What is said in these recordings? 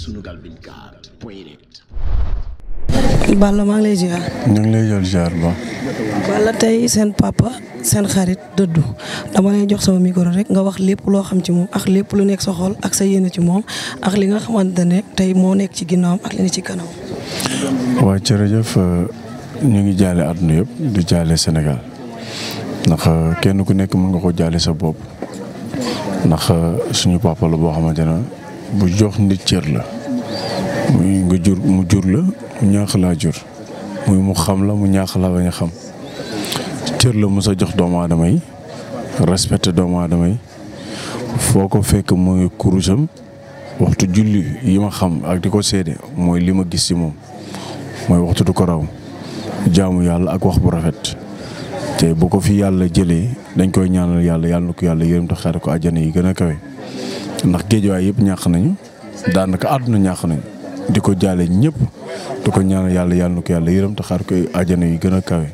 Sunugal 24 point net l'information à sa maa ngi lay ziar. ñu ngi lay yor ziar ba. Balla tey seen papa seen xarit dëddu dama lay jox sama micro rek nga wax lépp loo xam ci moom ak lépp lu nekk sa xol ak sa yéene ci moom ak li nga xamante ne tey moo nekk ci ginnaawam ak li ne ci kanam. waaw jëf euh, ñu ngi jaale àdduna yëpp di jaale Sénégal ndax euh, kenn ku nekk mën nga ko jaale sa bopp. ndax euh, suñu papa boo xamante ne bu jox nit cër la muy nga jur mu jur la mu ñaax laa jur muy mu xam la mu ñaax laa bañ a xam cër la mos a jox doomu aadama yi respecté doomu aadama yi foo ko fekk mooy kurusam waxtu julli yi ma xam ak di ko seede mooy li ma gis ci moom mooy waxtu du ko raw jaamu yàlla ak wax bu rafet te bu ko fi yàlla jëlee dañ koy ñaanal yàlla yàlla ko yàlla yërëm te xare ko àjjana yi gën a kawe ndax géejuwaay yëpp ñàkk nañu daanaka àdduna ñàkk nañu di ko jaale ñëpp di ko ñaanal yàlla yàlla na yàlla yërëm te xare ko àjjana yi gën a kawe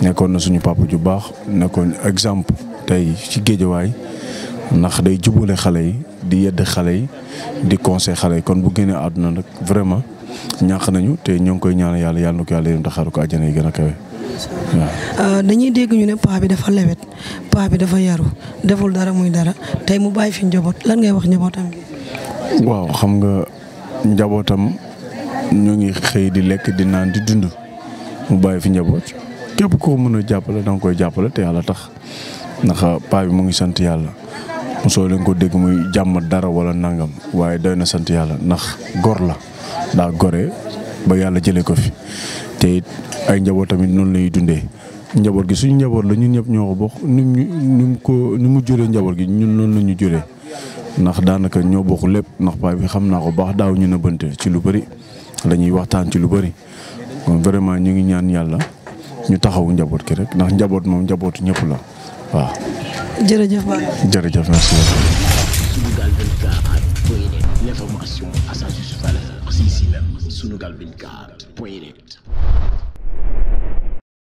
nekkoon na suñu papa ju baax nekkoon exemple tey ci géejawaay ndax day jubale xale yi di yedd xale yi di conseil xale kon bu génnee àdduna nag vraiment ñàkk nañu te ñoo ngi koy ñaanal yàlla yàlla na ko yàlla yërëm ko àjjana yi gën a kawe waaw euh, dañuy dégg ñu ne paa bi dafa lewet paa bi dafa yaru deful dara muy dara tey mu bàyyi fi njaboot lan ngay wax njabootam gi. waaw xam nga njabootam ñu ngi xëy di lekk di naan di dund mu bàyyi fi njaboot képp ko mën a jàppale da nga koy jàppale te yàlla tax ndax paa bi mu ngi sant yàlla. mosoo leen ko dégg muy jàmm dara wala nangam waaye doy na sant yàlla ndax gor la daa gore ba yàlla jëlee ko fi te it ay njaboot tamit noonu lay dundee njaboot gi suñu njaboot la ñu ñëpp ñoo ko bokk ñu mu ni mu ko juree njaboot gi ñun noonu la ñu juree ndax daanaka ñoo bokk lépp ndax paa bi xam naa ko baax daaw ñu nëbbante ci lu bëri dañuy waxtaan ci lu bëri kon vraiment ñu ngi ñaan yàlla ñu taxawu njaboot ki rek ndax njaboot moom njabootu ñëpp la waaw. jërëjëf